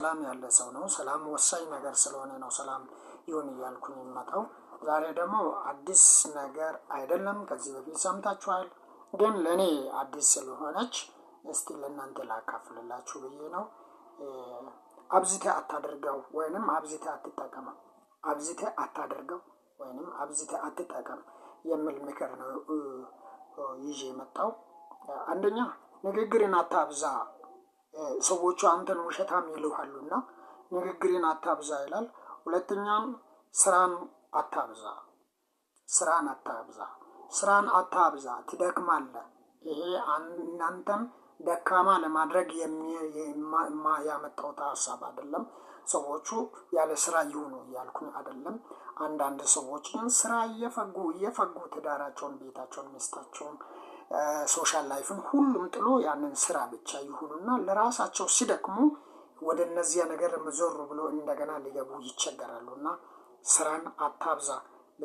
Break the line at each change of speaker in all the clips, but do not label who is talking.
ሰላም ያለ ሰው ነው። ሰላም ወሳኝ ነገር ስለሆነ ነው ሰላም ይሁን እያልኩኝ የሚመጣው ዛሬ ደግሞ አዲስ ነገር አይደለም። ከዚህ በፊት ሰምታችኋል፣ ግን ለእኔ አዲስ ስለሆነች እስቲ ለእናንተ ላካፍልላችሁ ብዬ ነው። አብዝተ አታደርገው ወይንም አብዝቴ አትጠቀመው፣ አብዝተ አታደርገው ወይንም አብዝቴ አትጠቀም የሚል ምክር ነው ይዤ የመጣው። አንደኛ ንግግርን አታብዛ ሰዎቹ አንተን ውሸታም ይልሃሉ እና ንግግርን አታብዛ ይላል። ሁለተኛም ስራን አታብዛ፣ ስራን አታብዛ፣ ስራን አታብዛ፣ ትደክማለህ። ይሄ እናንተን ደካማ ለማድረግ ያመጣሁት ሀሳብ አይደለም። ሰዎቹ ያለ ስራ ይሁኑ እያልኩኝ አይደለም። አንዳንድ ሰዎች ግን ስራ እየፈጉ እየፈጉ ትዳራቸውን፣ ቤታቸውን፣ ሚስታቸውን ሶሻል ላይፍን ሁሉም ጥሎ ያንን ስራ ብቻ ይሁኑና ለራሳቸው ሲደክሙ ወደ እነዚያ ነገር ዞር ብሎ እንደገና ሊገቡ ይቸገራሉ። እና ስራን አታብዛ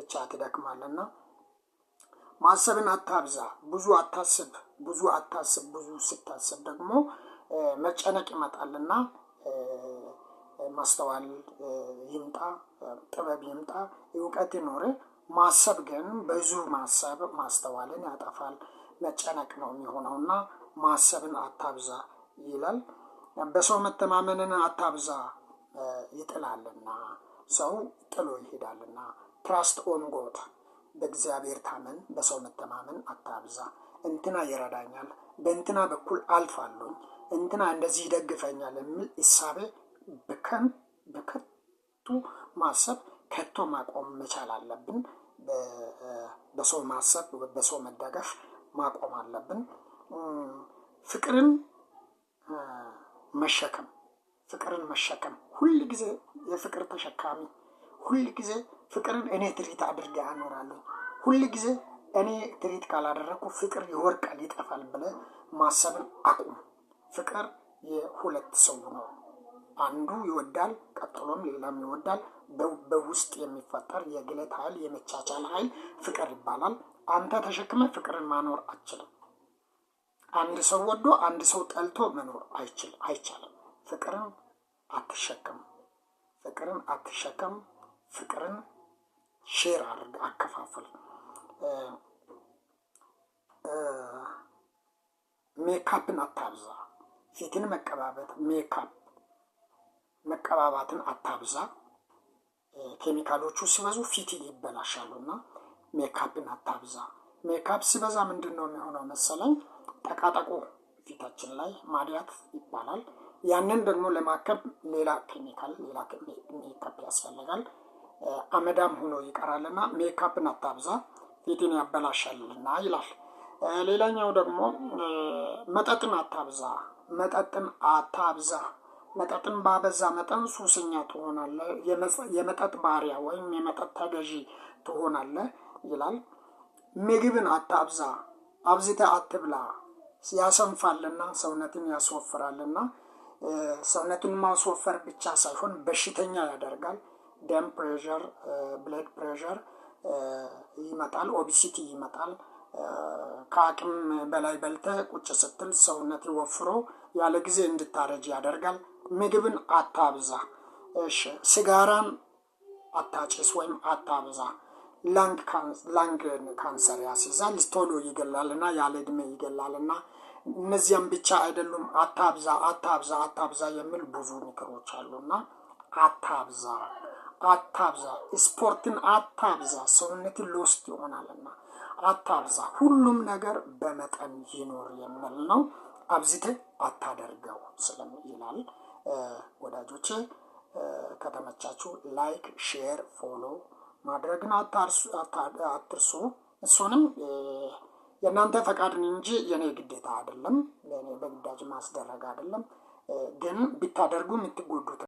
ብቻ ትደክማለና ማሰብን አታብዛ፣ ብዙ አታስብ። ብዙ አታስብ፣ ብዙ ስታስብ ደግሞ መጨነቅ ይመጣልና ማስተዋል ይምጣ፣ ጥበብ ይምጣ፣ እውቀት ይኖር። ማሰብ ግን ብዙ ማሰብ ማስተዋልን ያጠፋል። መጨነቅ ነው እና ማሰብን አታብዛ ይላል። በሰው መተማመንን አታብዛ ይጥላልና ሰው ጥሎ ይሄዳልና። ትራስት ኦን ጎድ በእግዚአብሔር ታመን፣ በሰው መተማመን አታብዛ። እንትና ይረዳኛል፣ በእንትና በኩል አልፋለሁ፣ እንትና እንደዚህ ይደግፈኛል የሚል እሳቤ በከን በከቱ ማሰብ ከቶ ማቆም መቻል አለብን። በሰው ማሰብ፣ በሰው መደገፍ ማቆም አለብን። ፍቅርን መሸከም ፍቅርን መሸከም ሁል ጊዜ የፍቅር ተሸካሚ ሁል ጊዜ ፍቅርን እኔ ትሪት አድርጌ አኖራለሁ። ሁል ጊዜ እኔ ትሪት ካላደረግኩ ፍቅር ይወርቃል፣ ይጠፋል ብለህ ማሰብን አቁም። ፍቅር የሁለት ሰው ነው። አንዱ ይወዳል፣ ቀጥሎም ሌላም ይወዳል። በውስጥ የሚፈጠር የግለት ኃይል፣ የመቻቻል ኃይል ፍቅር ይባላል። አንተ ተሸክመ ፍቅርን ማኖር አችልም። አንድ ሰው ወዶ አንድ ሰው ጠልቶ መኖር አይችል አይቻልም። ፍቅርን አትሸክም ፍቅርን አትሸከም፣ ፍቅርን ሼር አድርግ፣ አከፋፍል። ሜካፕን አታብዛ፣ ፊትን መቀባበት ሜካፕ መቀባባትን አታብዛ። ኬሚካሎቹ ሲበዙ ፊት ይበላሻሉ እና ሜካፕን አታብዛ። ሜካፕ ሲበዛ ምንድን ነው የሚሆነው መሰለኝ ጠቃጠቁ ፊታችን ላይ ማድያት ይባላል። ያንን ደግሞ ለማከብ ሌላ ኬሚካል ሌላ ሜካፕ ያስፈልጋል። አመዳም ሆኖ ይቀራልና ሜካፕን አታብዛ ፊትን ያበላሻልና ይላል። ሌላኛው ደግሞ መጠጥን አታብዛ መጠጥን አታብዛ መጠጥን ባበዛ መጠን ሱስኛ ትሆናለህ፣ የመጠጥ ባሪያ ወይም የመጠጥ ተገዢ ትሆናለህ ይላል። ምግብን አታብዛ፣ አብዝተህ አትብላ፣ ያሰንፋልና ሰውነትን ያስወፍራልና። ሰውነቱን ማስወፈር ብቻ ሳይሆን በሽተኛ ያደርጋል። ደም ፕሬር፣ ብለድ ፕሬር ይመጣል፣ ኦቢሲቲ ይመጣል። ከአቅም በላይ በልተህ ቁጭ ስትል ሰውነት ወፍሮ ያለ ጊዜ እንድታረጅ ያደርጋል። ምግብን አታብዛ። እሺ ስጋራን አታጭስ ወይም አታብዛ። ላንግ ካንሰር ያስይዛል፣ ቶሎ ይገላልና ያለ እድሜ ይገላልና እነዚያም ብቻ አይደሉም። አታብዛ አታብዛ አታብዛ የሚል ብዙ ምክሮች አሉና አታብዛ አታብዛ፣ ስፖርትን አታብዛ፣ ሰውነትን ሎስት ይሆናልና አታብዛ። ሁሉም ነገር በመጠን ይኖር የሚል ነው። አብዝተ አታደርገው ስለም ይላል። ወዳጆቼ ከተመቻችሁ ላይክ፣ ሼር፣ ፎሎ ማድረግን አትርሱ። እሱንም የእናንተ ፈቃድን እንጂ የኔ ግዴታ አይደለም፣ በግዳጅ ማስደረግ አይደለም። ግን ብታደርጉ የምትጎዱት